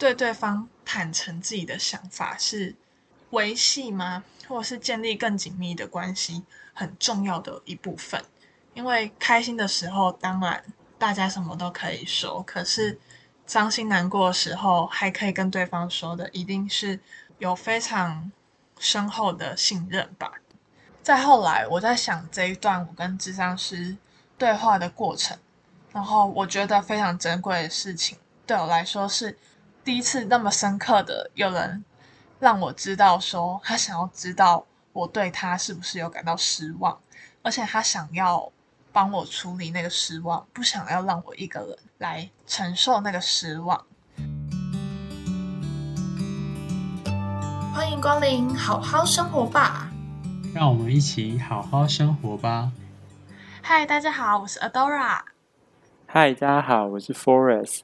對對方坦承自己的想法，是維繫嗎，或者是建立更緊密的關係很重要的一部分。因為開心的時候，當然大家什麼都可以說；可是傷心難過的時候，還可以跟對方說的，一定是有非常深厚的信任吧。再後來，我在想這一段我跟諮商師對話的過程，然後我覺得非常珍貴的事情，對我來說是。第一次那麼深刻的有人讓我知道，說他想要知道我對他是不是有感到失望，而且他想要幫我處理那個失望，不想要讓我一個人來承受那個失望。歡迎光臨，好好生活吧！讓我們一起好好生活吧。嗨，大家好，我是 Adora。嗨，大家好，我是 Forest。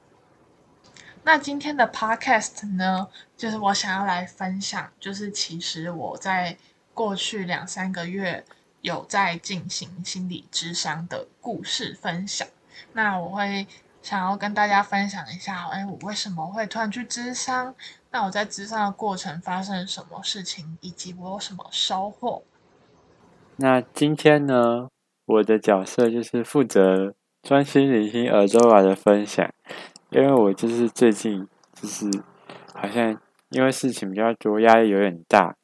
那今天的 Podcast 呢，就是我想要來分享，就是其實我在過去兩三個月有在進行心理諮商的故事分享。那我會想要跟大家分享一下，哎、欸，我為什麼會突然去諮商？那我在諮商的過程發生什麼事情，以及我有什麼收穫？那今天呢，我的角色就是負責專心聆聽 Adora 的分享。因為我就是最近就是好像因為事情比較多，壓力有點大，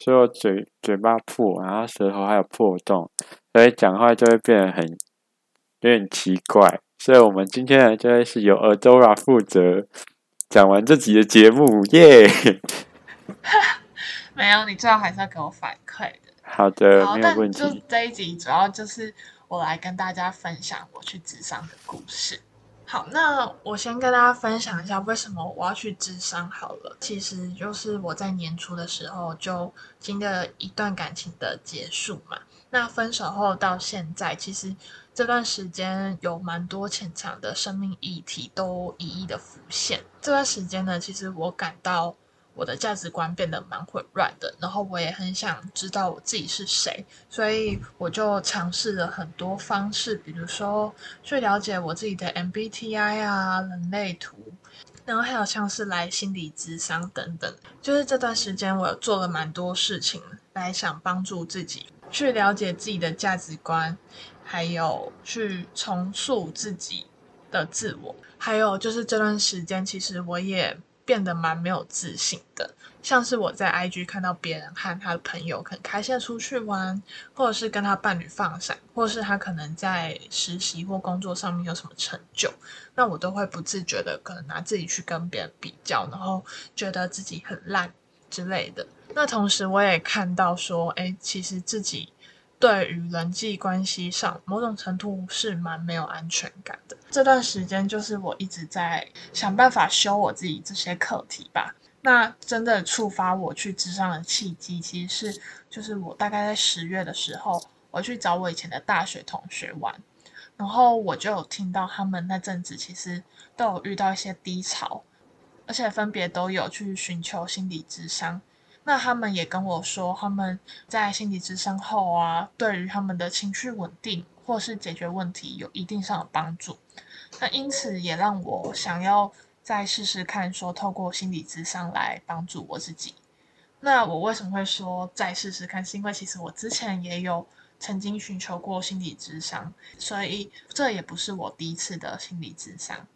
所以我嘴嘴巴破，然後舌頭還有破洞，所以講話就會變得很有點奇怪。所以我們今天呢，就會是由 Adora 負責講完這集的節目，耶、yeah!！沒有，你最好還是要給我反饋的。好的，好沒有問題。這一集主要就是我來跟大家分享我去諮商的故事。好，那我先跟大家分享一下為什麼我要去諮商好了。其實就是我在年初的時候就經歷了一段感情的結束嘛。那分手後到現在，其實這段時間有蠻多潛藏的生命議題都一一的浮現。這段時間呢，其實我感到。我的價值觀變得蠻混亂的，然後我也很想知道我自己是誰，所以我就嘗試了很多方式，比如說去了解我自己的 MBTI 啊、人類圖，然後還有像是來心理諮商等等。就是這段時間我做了蠻多事情來想幫助自己，去了解自己的價值觀，還有去重塑自己的自我。還有就是這段時間，其實我也。變得蠻沒有自信的，像是我在 IG 看到別人和他的朋友可能開心出去玩，或者是跟他伴侶放閃，或是他可能在實習或工作上面有什麼成就，那我都會不自覺的可能拿自己去跟別人比較，然後覺得自己很爛之類的。那同時我也看到說，哎、欸，其實自己。對於人際關係上，某種程度是蠻沒有安全感的。這段時間就是我一直在想辦法修我自己這些課題吧。那真的觸發我去諮商的契機，其實是就是我大概在十月的時候，我去找我以前的大學同學玩，然後我就有聽到他們那陣子其實都有遇到一些低潮，而且分別都有去尋求心理諮商。那他們也跟我說，他們在心理諮商後啊，對於他們的情緒穩定或是解決問題有一定上的幫助。那因此也讓我想要再試試看說，說透過心理諮商來幫助我自己。那我為什麼會說再試試看？是因為其實我之前也有曾經尋求過心理諮商，所以這也不是我第一次的心理諮商。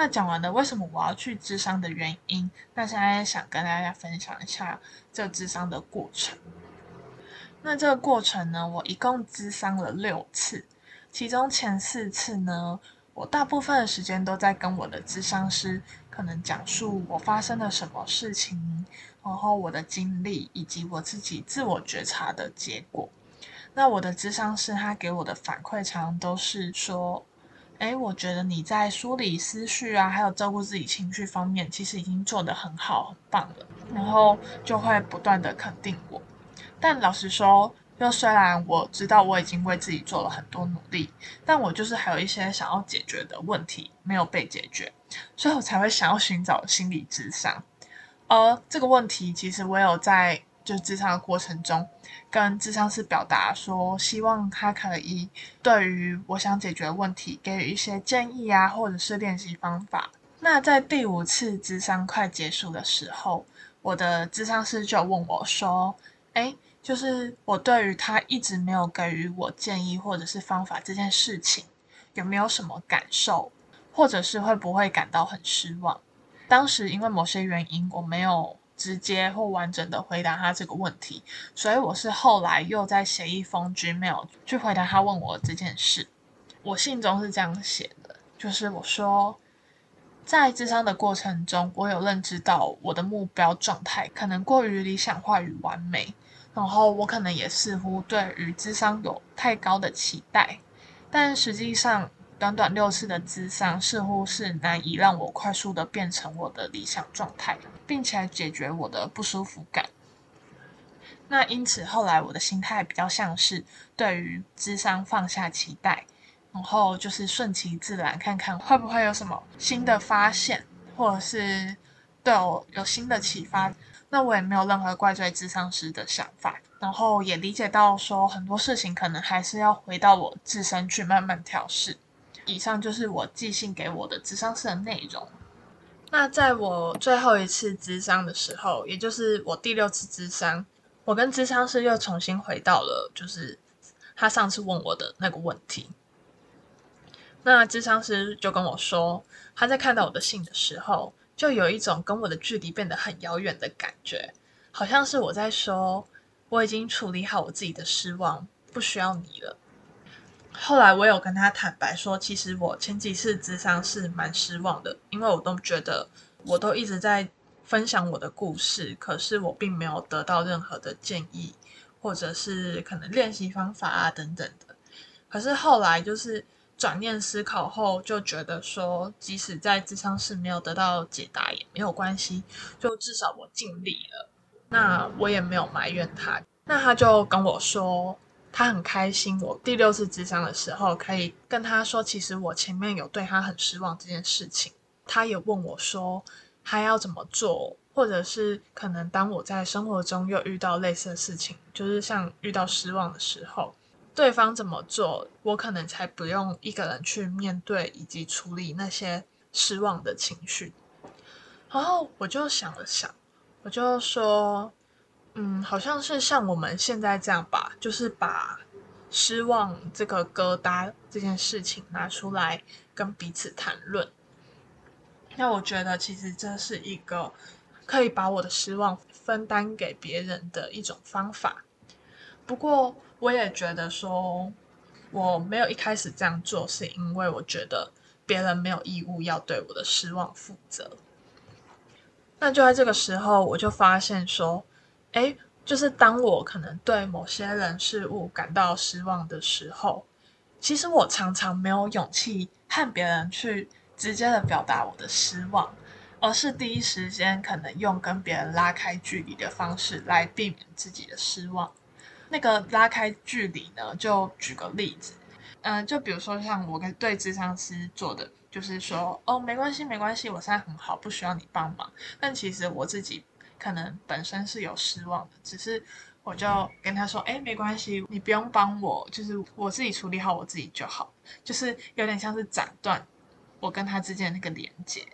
那講完了為什麼我要去諮商的原因，那現在想跟大家分享一下這諮商的過程。那這個過程呢，我一共諮商了六次，其中前四次呢，我大部分的時間都在跟我的諮商師可能講述我發生了什麼事情，然後我的經歷以及我自己自我覺察的結果。那我的諮商師他給我的反饋，常常都是說。哎，我覺得你在梳理思緒啊，還有照顧自己情緒方面，其實已經做得很好、很棒了。然後就會不斷的肯定我。但老實說，又雖然我知道我已經為自己做了很多努力，但我就是還有一些想要解決的問題沒有被解決，所以我才會想要尋找心理諮商。而、呃、這個問題，其實我有在。就諮商的過程中，跟諮商師表達說，希望他可以對於我想解決的問題給予一些建議啊，或者是練習方法。那在第五次諮商快結束的時候，我的諮商師就問我說：“哎、欸，就是我對於他一直沒有給予我建議或者是方法這件事情，有沒有什麼感受，或者是會不會感到很失望？”當時因為某些原因，我沒有。直接或完整的回答他這個問題，所以我是後來又再寫一封 Gmail 去回答他問我這件事。我信中是這樣寫的，就是我說，在諮商的過程中，我有認知到我的目標狀態可能過於理想化與完美，然後我可能也似乎對於諮商有太高的期待，但實際上。短短六次的諮商似乎是難以讓我快速的變成我的理想狀態，並且解決我的不舒服感。那因此後來我的心態比較像是對於諮商放下期待，然後就是順其自然，看看會不會有什麼新的發現，或者是對我、哦、有新的啟發。那我也沒有任何怪罪諮商師的想法，然後也理解到說很多事情可能還是要回到我自身去慢慢調適。以上就是我寄信給我的諮商師的內容。那在我最後一次諮商的時候，也就是我第六次諮商，我跟諮商師又重新回到了，就是他上次問我的那個問題。那諮商師就跟我說，他在看到我的信的時候，就有一種跟我的距離變得很遙遠的感覺，好像是我在說，我已經處理好我自己的失望，不需要你了。後來我有跟他坦白說，其實我前幾次諮商是蠻失望的，因為我都覺得我都一直在分享我的故事，可是我並沒有得到任何的建議，或者是可能練習方法啊等等的。可是後來就是轉念思考後，就覺得說，即使在諮商室沒有得到解答也沒有關係，就至少我盡力了。那我也沒有埋怨他，那他就跟我說。他很開心，我第六次諮商的時候，可以跟他說，其實我前面有對他很失望這件事情。他也問我說，他要怎麼做，或者是可能當我在生活中又遇到類似的事情，就是像遇到失望的時候，對方怎麼做，我可能才不用一個人去面對以及處理那些失望的情緒。然後我就想了想，我就說。嗯，好像是像我們現在這樣吧，就是把失望這個疙瘩這件事情拿出來跟彼此談論。那我覺得其實這是一個可以把我的失望分擔給別人的一種方法。不過我也覺得說，我沒有一開始這樣做是因為我覺得別人沒有義務要對我的失望負責。那就在這個時候，我就發現說。哎，就是當我可能對某些人事物感到失望的時候，其實我常常沒有勇氣和別人去直接的表達我的失望，而是第一時間可能用跟別人拉開距離的方式來避免自己的失望。那個拉開距離呢，就舉個例子，嗯、呃，就比如說像我跟對諮商師做的，就是說，哦，沒關係，沒關係，我現在很好，不需要你幫忙。但其實我自己，可能本身是有失望的，只是我就跟他說：“哎、欸，沒關係，你不用幫我，就是我自己處理好我自己就好。”就是有點像是斬斷我跟他之間的那個連接。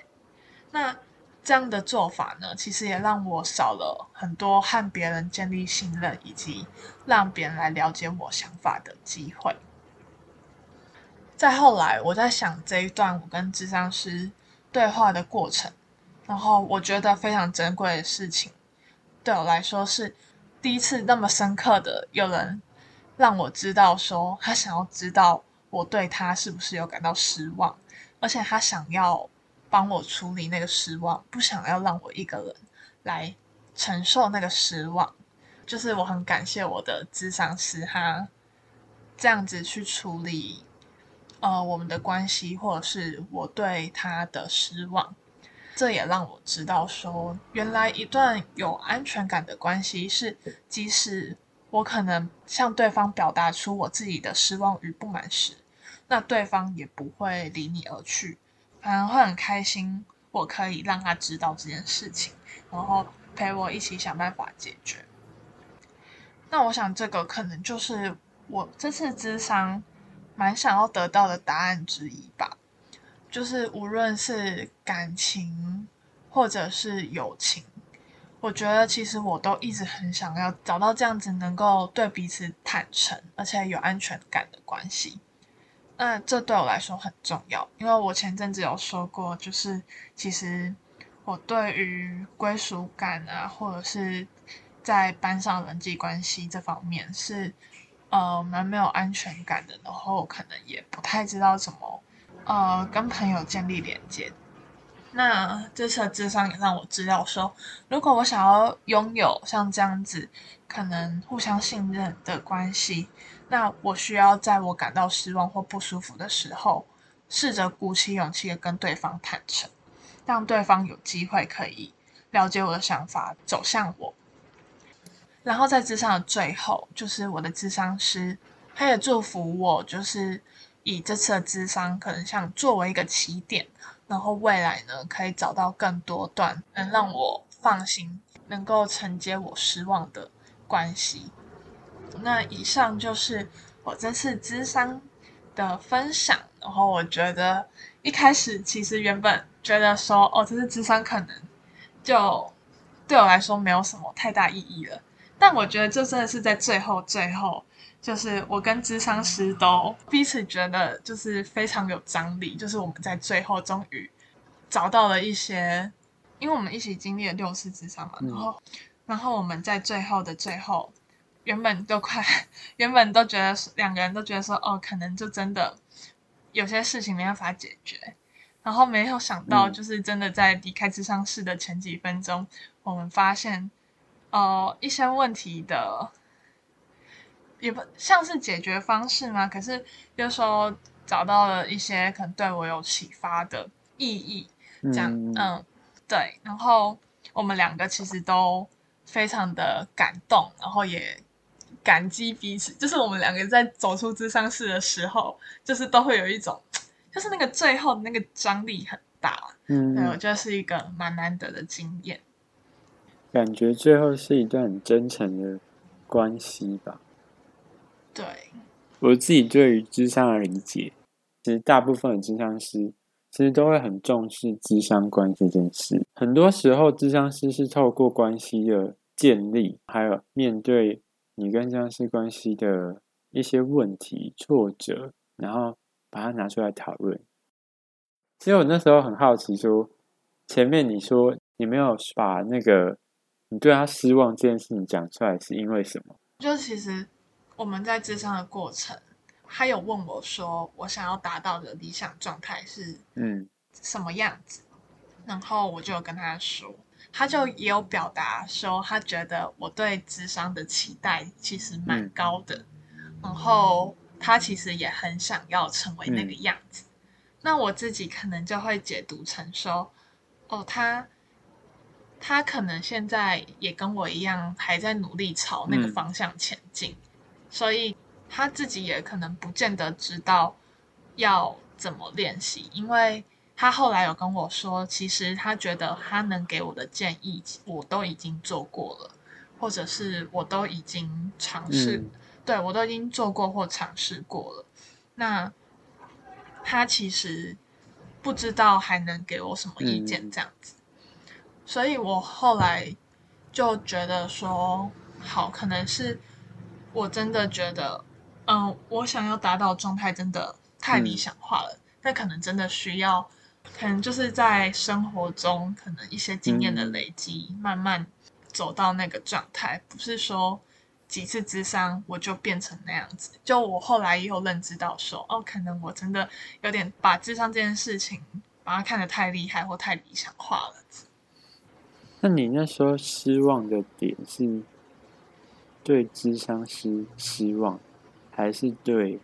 那這樣的做法呢，其實也讓我少了很多和別人建立信任以及讓別人來了解我想法的機會。再後來，我在想這一段我跟諮商師對話的過程。然後我覺得非常珍貴的事情，對我來說是第一次那麼深刻的有人讓我知道，說他想要知道我對他是不是有感到失望，而且他想要幫我處理那個失望，不想要讓我一個人來承受那個失望。就是我很感謝我的諮商師，他這樣子去處理呃、我們的關係，或者是我對他的失望。這也讓我知道，說原來一段有安全感的關係是，即使我可能向對方表達出我自己的失望與不滿時，那對方也不會離你而去，反而會很開心。我可以讓他知道這件事情，然後陪我一起想辦法解決。那我想，這個可能就是我這次諮商蠻想要得到的答案之一吧。就是無論是感情或者是友情，我覺得其實我都一直很想要找到這樣子能夠對彼此坦誠而且有安全感的關係。那這對我來說很重要，因為我前陣子有說過，就是其實我對於歸屬感啊，或者是在班上人際關係這方面是呃蠻沒有安全感的，然後可能也不太知道怎麼。呃，跟朋友建立連接。那這次的諮商也讓我知道說，如果我想要擁有像這樣子可能互相信任的關係，那我需要在我感到失望或不舒服的時候，試着鼓起勇氣的跟對方坦承，讓對方有機會可以了解我的想法，走向我。然後在諮商的最後，就是我的諮商師，他也祝福我，就是。以這次的諮商可能想作為一個起點，然後未來呢，可以找到更多段能讓我放心、能夠承接我失望的關係。那以上就是我這次諮商的分享，然後我覺得一開始其實原本覺得說哦，這次諮商可能就對我來說沒有什麼太大意義了，但我覺得這真的是在最後最後，就是我跟諮商師都彼此覺得就是非常有張力，就是我們在最後終於找到了一些，因為我們一起經歷了六次諮商嘛，然後然後我們在最後的最後，原本都快原本都覺得兩個人都覺得說哦，可能就真的有些事情沒辦法解決，然後沒有想到就是真的在離開諮商室的前幾分鐘，我們發現呃一些問題的。解，像是解決方式嗎？可是就說找到了一些可能對我有啟發的意義這樣，嗯，嗯，對。然後我們兩個其實都非常的感動，然後也感激彼此。就是我們兩個在走出諮商室的時候，就是都會有一種，就是那個最後的那個張力很大。嗯，我覺得是一個蠻難得的經驗。感覺最後是一段很真誠的關係吧。對我自己對於諮商的理解，其實大部分的諮商師其實都會很重視諮商關這件事。很多時候，諮商師是透過關係的建立，還有面對你跟諮商師關係的一些問題，挫折，然後把它拿出來討論。其實我那時候很好奇說，說前面你說你沒有把那個你對他失望這件事情講出來，是因為什麼？就其實。我們在諮商的過程，他有問我說：“我想要達到的理想狀態是嗯什麼樣子？”嗯、然後我就跟他說，他就也有表達說，他覺得我對諮商的期待其實蠻高的，嗯、然後他其實也很想要成為那個樣子。嗯、那我自己可能就會解讀成說：“哦，他他可能現在也跟我一樣，還在努力朝那個方向前進。嗯”所以他自己也可能不見得知道要怎麼練習，因為他後來有跟我說，其實他覺得他能給我的建議，我都已經做過了，或者是我都已經嘗試，嗯、對，我都已經做過或嘗試過了。那他其實不知道還能給我什麼意見這樣子，嗯、所以我後來就覺得說，好，可能是。我真的覺得，嗯、呃，我想要達到狀態真的太理想化了。那、嗯、可能真的需要，可能就是在生活中，可能一些經驗的累積，嗯、慢慢走到那個狀態。不是說幾次諮商我就變成那樣子。就我後來也有認知到說，說哦，可能我真的有點把諮商這件事情把它看得太厲害或太理想化了。那你那時候失望的點是？對諮商失失望，還是對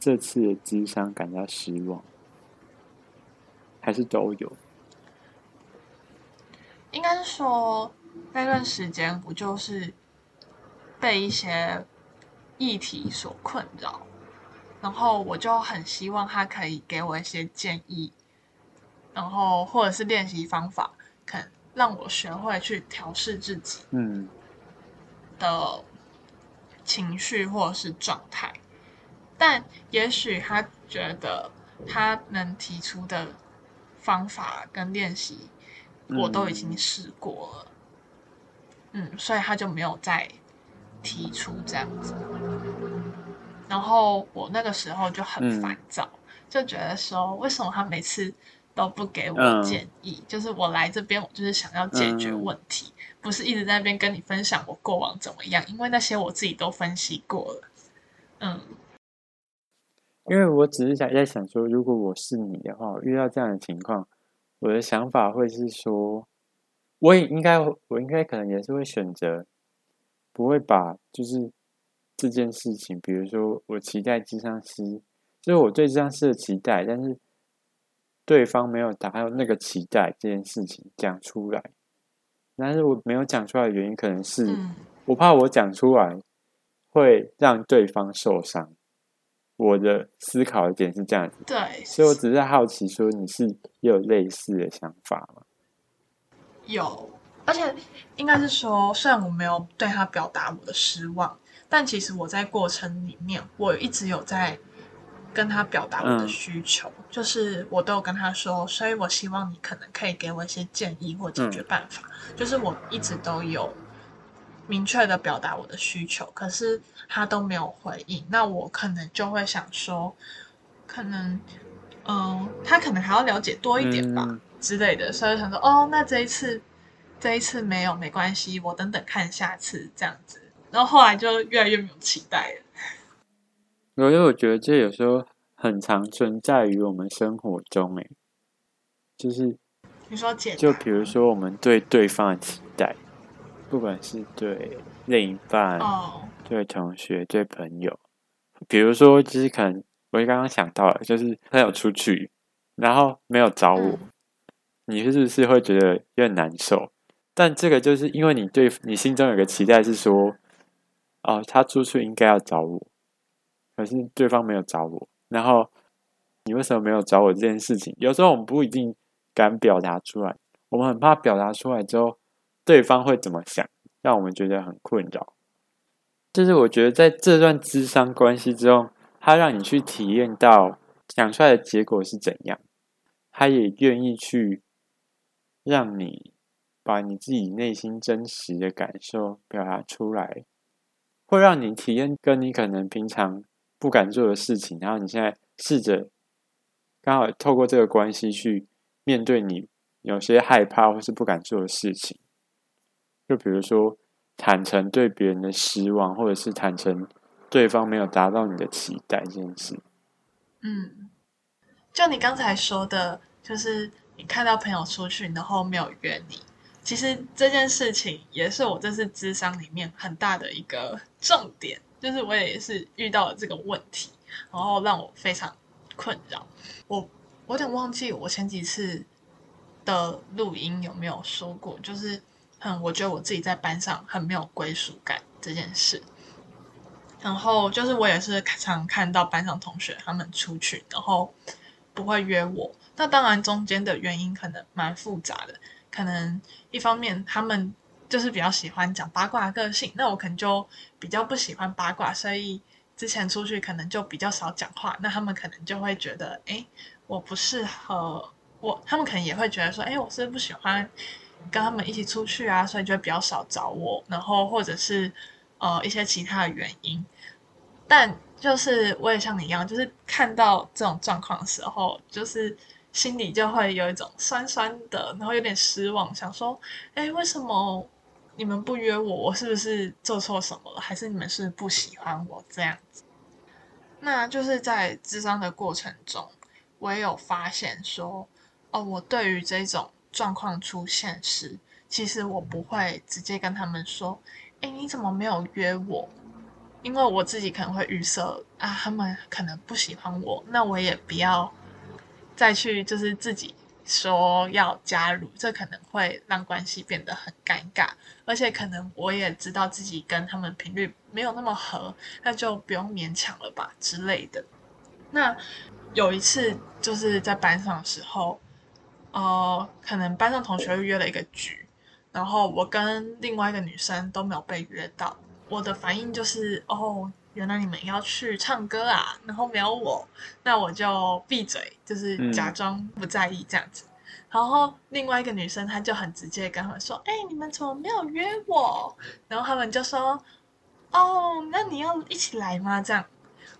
這次的諮商感到失望，還是都有？應該是說那段時間我就是被一些議題所困擾，然後我就很希望他可以給我一些建議，然後或者是練習方法，肯讓我學會去調適自己。嗯。的情緒或是狀態，但也許他覺得他能提出的方法跟練習，我都已經試過了，嗯，嗯，所以他就沒有再提出這樣子。然後我那個時候就很煩躁，嗯、就覺得說，為什麼他每次都不給我建議，嗯、就是我來這邊，我就是想要解決問題，嗯、不是一直在那邊跟你分享我過往怎麼樣，因為那些我自己都分析過了。嗯，因為我只是想在想說，如果我是你的話，遇到這樣的情況，我的想法會是說，我也應該，我應該可能也是會選擇，不會把就是這件事情，比如說我期待諮商師，就是我對諮商師的期待，但是。對方沒有達到那個期待這件事情講出來，但是我沒有講出來的原因可能是、嗯、我怕我講出來會讓對方受傷。我的思考的點是這樣子，對，所以我只是好奇，說你是有類似的想法嗎？有，而且應該是說，雖然我沒有對他表達我的失望，但其實我在過程裡面我一直有在。跟他表達我的需求，嗯、就是我都有跟他說，所以我希望你可能可以給我一些建議或解決辦法。嗯、就是我一直都有明確的表達我的需求，可是他都沒有回應，那我可能就會想說，可能嗯、呃，他可能還要了解多一點吧、嗯、之類的。所以想說，哦，那這一次這一次沒有，沒關係，我等等看下次這樣子。然後後來就越來越沒有期待了。因為我覺得這有時候很常存在於我們生活中誒，就是你說簡，就比如說我們對對方的期待，不管是對另一半、對同學、對朋友，比如說，就是可能我也剛剛想到了，就是他有出去，然後沒有找我，你是不是會覺得有點難受？但這個就是因為你對你心中有個期待，是說，哦，他出去應該要找我。可是對方沒有找我，然後你為什麼沒有找我這件事情，有時候我們不一定敢表達出來，我們很怕表達出來之後，對方會怎麼想，讓我們覺得很困擾。就是我覺得在這段諮商關係之中，他讓你去體驗到講出來的結果是怎樣，他也願意去讓你把你自己內心真實的感受表達出來，會讓你體驗跟你可能平常不敢做的事情，然後你現在試着剛好透過這個關係去面對你有些害怕或是不敢做的事情，就比如說坦承對別人的失望，或者是坦承對方沒有達到你的期待這件事。嗯，就你剛才說的，就是你看到朋友出去，然後沒有約你，其實這件事情也是我這次諮商裡面很大的一個重點。就是我也是遇到了這個問題，然後讓我非常困擾。我我有點忘記我前幾次的錄音有沒有說過，就是很我覺得我自己在班上很沒有歸屬感這件事。然後就是我也是常看到班上同學他們出去，然後不會約我。那當然中間的原因可能蠻複雜的，可能一方面他們。就是比較喜歡講八卦的個性，那我可能就比較不喜歡八卦，所以之前出去可能就比較少講話。那他們可能就會覺得，哎，我不適合我。他們可能也會覺得說，哎，我是不喜歡跟他們一起出去啊，所以就比較少找我。然後或者是呃一些其他的原因。但就是我也像你一樣，就是看到這種狀況的時候，就是心裡就會有一種酸酸的，然後有點失望，想說，哎，為什麼？你們不約我，我是不是做錯什麼了？還是你們是不，是不喜歡我這樣子？那就是在諮商的過程中，我也有發現說，哦，我對於這種狀況出現時，其實我不會直接跟他們說，哎，你怎麼沒有約我？因為我自己可能會預設啊，他們可能不喜歡我，那我也不要再去，就是自己。說要加入，這可能會讓關係變得很尷尬，而且可能我也知道自己跟他們頻率沒有那麼合，那就不用勉強了吧之類的。那有一次就是在班上的時候，哦、呃，可能班上同學又約了一個局，然後我跟另外一個女生都沒有被約到，我的反應就是哦。原來你們要去唱歌啊，然後沒有我，那我就閉嘴，就是假裝不在意這樣子。嗯、然後另外一個女生，她就很直接跟他們說：“哎、欸，你們怎麼沒有約我？”然後他們就說：“哦，那你要一起來嗎？”這樣。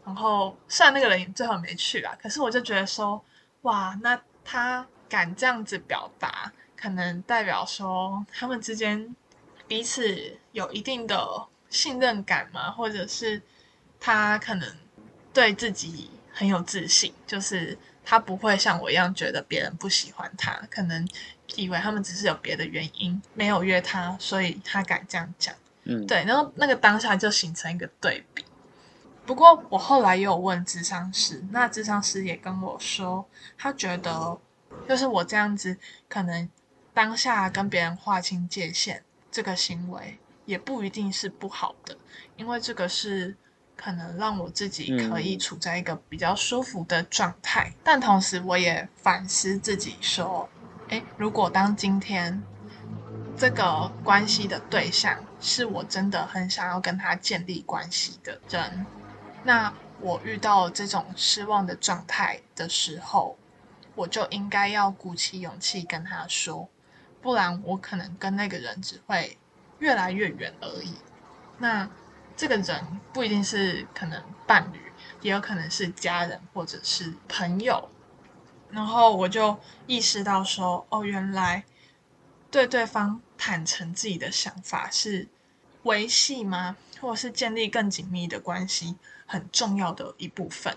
然後雖然那個人最後沒去了，可是我就覺得說：“哇，那他敢這樣子表達，可能代表說他們之間彼此有一定的信任感嗎，或者是。”他可能對自己很有自信，就是他不會像我一樣覺得別人不喜歡他，可能以為他們只是有別的原因沒有約他，所以他敢這樣講。嗯，對。然後那個當下就形成一個對比。不過我後來也有問諮商師，那諮商師也跟我說，他覺得就是我這樣子，可能當下跟別人劃清界限這個行為也不一定是不好的，因為這個是。可能讓我自己可以處在一個比較舒服的狀態，但同時我也反思自己說：“欸，如果當今天這個關係的對象是我真的很想要跟他建立關係的人，那我遇到這種失望的狀態的時候，我就應該要鼓起勇氣跟他說，不然我可能跟那個人只會越來越遠而已。”那。這個人不一定是可能伴侶，也有可能是家人或者是朋友。然後我就意識到說，哦，原來對對方坦誠自己的想法是維繫嗎？或者是建立更緊密的關係很重要的一部分。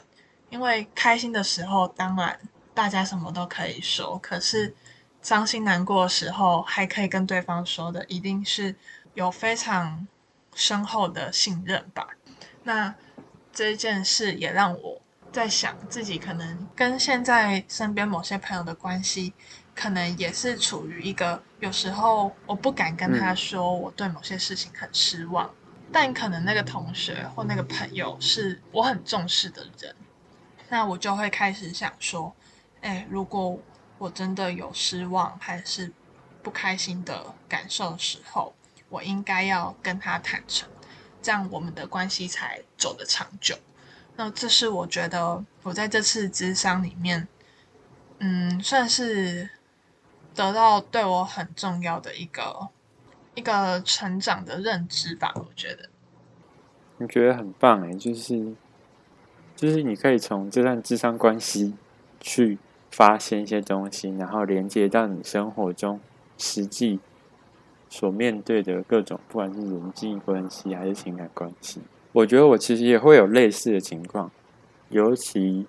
因為開心的時候，當然大家什麼都可以說；可是傷心難過的時候，還可以跟對方說的，一定是有非常。深厚的信任吧。那這件事也讓我在想，自己可能跟現在身邊某些朋友的關係，可能也是處於一個有時候我不敢跟他說我對某些事情很失望，但可能那個同學或那個朋友是我很重視的人，那我就會開始想說，哎，如果我真的有失望還是不開心的感受的時候。我應該要跟他坦誠，這樣我們的關係才走得長久。那這是我覺得我在這次諮商裡面，嗯，算是得到對我很重要的一個一個成長的認知吧。我覺得你覺得很棒哎、欸，就是就是你可以從這段諮商關係去發現一些東西，然後連接到你生活中實際。所面對的各種，不管是人際關係還是情感關係，我覺得我其實也會有類似的情況。尤其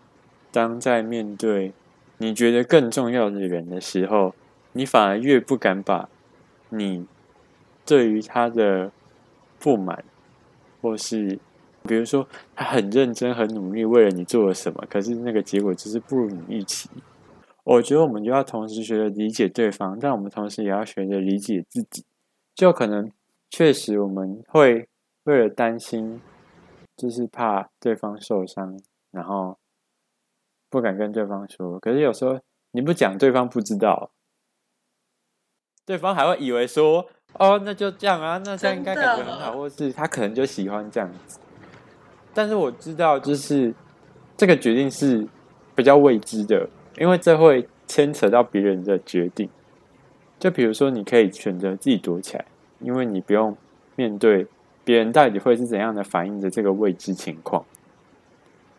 當在面對你覺得更重要的人的時候，你反而越不敢把你對於他的不滿，或是比如說他很認真、很努力為了你做了什麼，可是那個結果就是不如你預期。我覺得我們就要同時學着理解對方，但我們同時也要學着理解自己。就可能確實我們會為了擔心，就是怕對方受傷，然後不敢跟對方說。可是有時候你不講，對方不知道，對方還會以為說：“哦，那就這樣啊，那這樣應該感覺很好，或是他可能就喜歡這樣子。”但是我知道，就是這個決定是比較未知的，因為這會牽扯到別人的決定。就比如說，你可以選擇自己躲起來，因為你不用面對別人到底會是怎樣的反應的這個未知情況。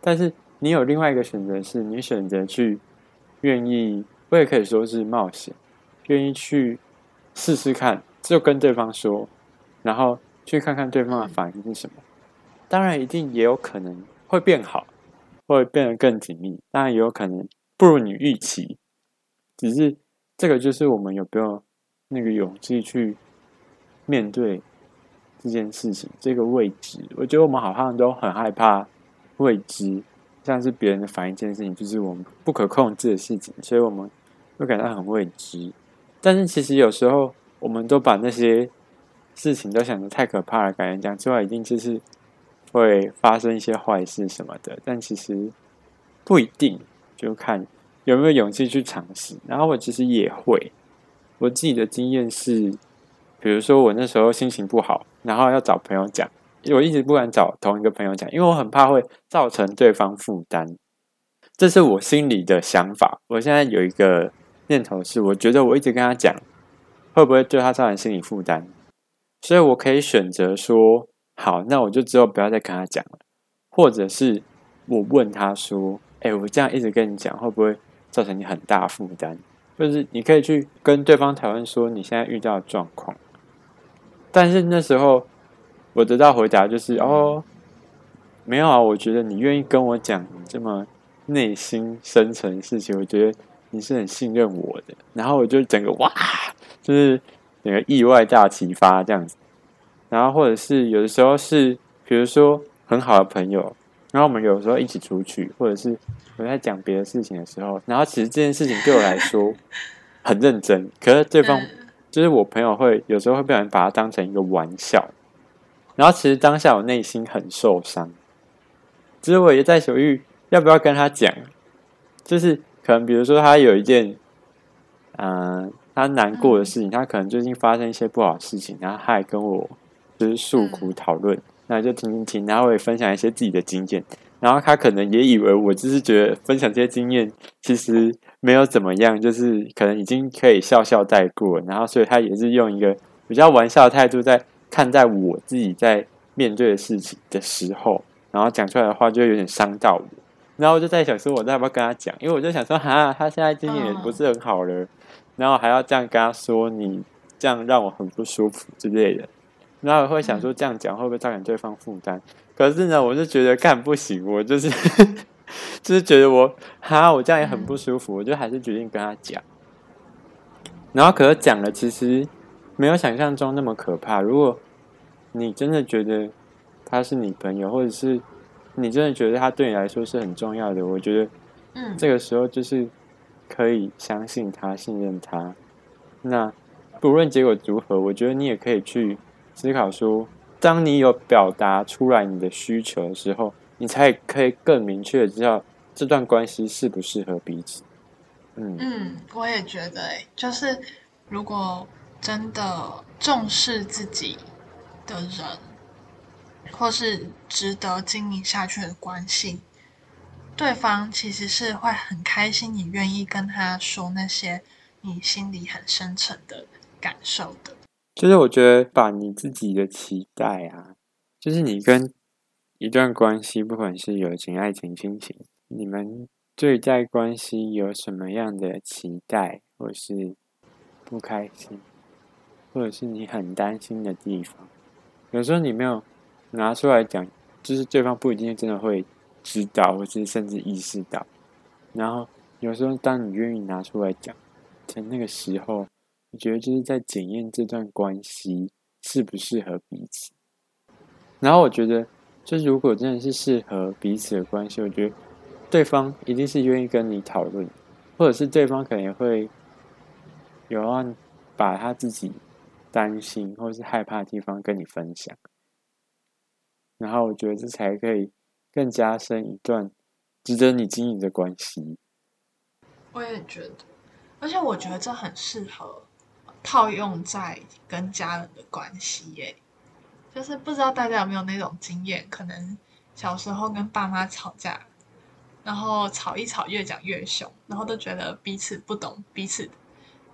但是你有另外一個選擇，是你選擇去願意，我也可以說是冒險，願意去試試看，就跟對方說，然後去看看對方的反應是什麼。當然，一定也有可能會變好，會變得更緊密。當然，也有可能不如你預期，只是。這個就是我們有沒有那個勇氣去面對這件事情、這個未知？我覺得我們好像都很害怕未知，像是別人的反應，這件事情就是我們不可控制的事情，所以我們會感到很未知。但是其實有時候我們都把那些事情都想得太可怕了，感覺講出來一定就是會發生一些壞事什麼的，但其實不一定，就看。有沒有勇氣去嘗試？然後我其實也會，我自己的經驗是，比如說我那時候心情不好，然後要找朋友講，我一直不敢找同一個朋友講，因為我很怕會造成對方負擔，這是我心裡的想法。我現在有一個念頭是，我覺得我一直跟他講，會不會對他造成心理負擔？所以我可以選擇說，好，那我就之後不要再跟他講了，或者是我問他說，誒，我這樣一直跟你講，會不會？造成你很大負擔，就是你可以去跟對方討論說，你現在遇到的狀況，但是那時候我得到回答就是哦，沒有啊，我覺得你願意跟我講這麼內心深層的事情，我覺得你是很信任我的，然後我就整個哇，就是整個意外大啟發這樣子，然後或者是有的時候是，比如說很好的朋友。然後我們有時候一起出去，或者是我在講別的事情的時候，然後其實這件事情對我來說很認真，可是對方、嗯、就是我朋友會，會有時候會被人把它當成一個玩笑。然後其實當下我內心很受傷，其實我一直在猶豫要不要跟他講，就是可能比如說他有一件，呃，他難過的事情，嗯、他可能最近發生一些不好的事情，然後他還跟我就是訴苦討論。嗯那就聽聽聽，然後也分享一些自己的經驗，然後他可能也以為我就是覺得分享這些經驗其實沒有怎麼樣，就是可能已經可以笑笑帶過，然後所以他也是用一個比較玩笑的態度在看待我自己在面對的事情的時候，然後講出來的話就會有點傷到我，然後我就在想說，我再不要跟他講，因為我就想說，哈，他現在心情也不是很好了，然後還要這樣跟他說，你這樣讓我很不舒服之類的。然後我會想說，這樣講會不會造成對方負擔？可是呢，我是覺得干不行，我就是 就是覺得我哈，我這樣也很不舒服，我就還是決定跟他講。然後可是講了，其實沒有想象中那麼可怕。如果你真的覺得他是你朋友，或者是你真的覺得他對你來說是很重要的，我覺得，這個時候就是可以相信他、信任他。那不論結果如何，我覺得你也可以去思考說，當你有表達出來你的需求的時候，你才可以更明確的知道這段關係適不適合彼此。嗯嗯，我也覺得、欸，就是如果真的重視自己的人，或是值得經營下去的關係，對方其實是會很開心，你願意跟他說那些你心裡很深沉的感受的。其實我覺得，把你自己的期待啊，就是你跟一段關係，不管是友情、愛情、親情，你們對待關係有什麼樣的期待，或是不開心，或者是你很擔心的地方，有時候你沒有拿出來講，就是對方不一定真的會知道，或是甚至意識到。然後有時候，當你願意拿出來講，在那個時候。我覺得就是在檢驗這段關係適不適合彼此，然後我覺得，就如果真的是適合彼此的關係，我覺得對方一定是願意跟你討論，或者是對方可能也會有讓把他自己擔心或是害怕的地方跟你分享，然後我覺得這才可以更加深一段值得你經營的關係。我也覺得，而且我覺得這很適合。套用在跟家人的關係，哎，就是不知道大家有沒有那種經驗？可能小時候跟爸媽吵架，然後吵一吵越講越兇，然後都覺得彼此不懂彼此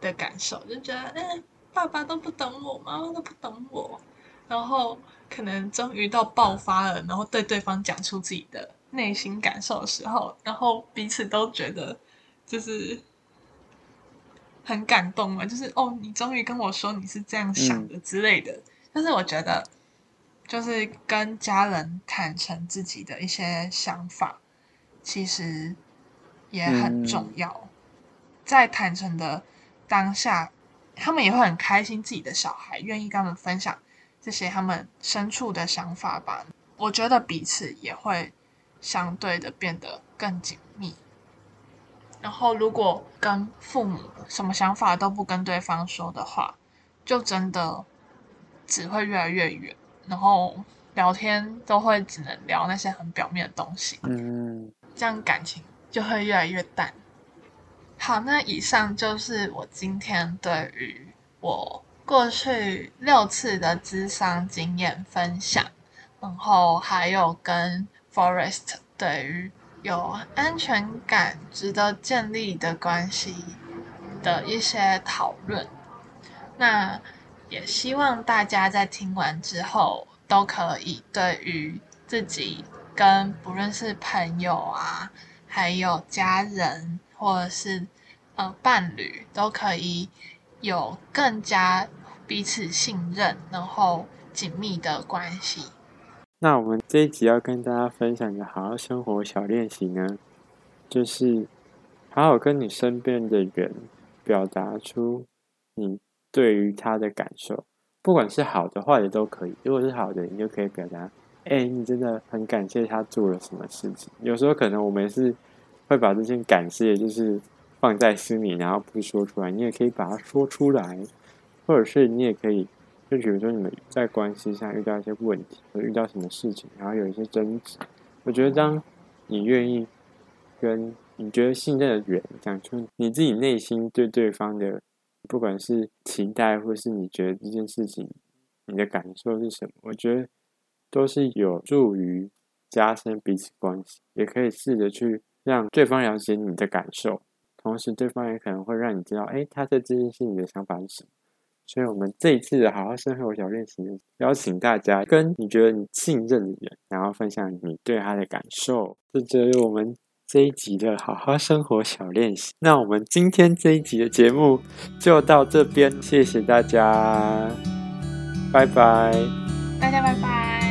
的感受，就覺得嗯、欸，爸爸都不懂我，媽媽都不懂我，然後可能終於到爆發了，然後對對方講出自己的內心感受的時候，然後彼此都覺得就是。很感動啊，就是哦，你終於跟我說你是這樣想的之類的。嗯、但是我覺得，就是跟家人坦誠自己的一些想法，其實也很重要。嗯、在坦誠的當下，他們也會很開心自己的小孩願意跟他們分享這些他們深處的想法吧。我覺得彼此也會相對的變得更緊密。然後，如果跟父母什麼想法都不跟對方說的話，就真的只會越來越遠。然後聊天都會只能聊那些很表面的東西，嗯、這樣感情就會越來越淡。好，那以上就是我今天對於我過去六次的諮商經驗分享，然後還有跟 Forest 對於。有安全感、值得建立的關係的一些討論，那也希望大家在聽完之後都可以，對於自己跟不論是朋友啊，還有家人，或者是呃伴侶，都可以有更加彼此信任，然後緊密的關係。那我們這一集要跟大家分享的好好生活小練習呢，就是好好跟你身邊的人表達出你對於他的感受，不管是好的壞的都可以。如果是好的，你就可以表達：哎，你真的很感謝他做了什麼事情。有時候可能我們是會把這件感謝就是放在心裡，然後不說出來。你也可以把它說出來，或者是你也可以。就比如說，你們在關係上遇到一些問題，或者遇到什麼事情，然後有一些爭執，我覺得當你願意跟你覺得信任的人講出你自己內心對對方的，不管是期待或是你覺得這件事情你的感受是什麼，我覺得都是有助於加深彼此關係，也可以試着去讓對方了解你的感受，同時對方也可能會讓你知道，哎、欸，他在這件事情的想法是什麼。所以，我們這一次的好好生活小練習，邀請大家跟你覺得你信任的人，然後分享你對他的感受。這就，就是我們這一集的好好生活小練習。那我們今天這一集的節目就到這邊，謝謝大家，拜拜，大家拜拜。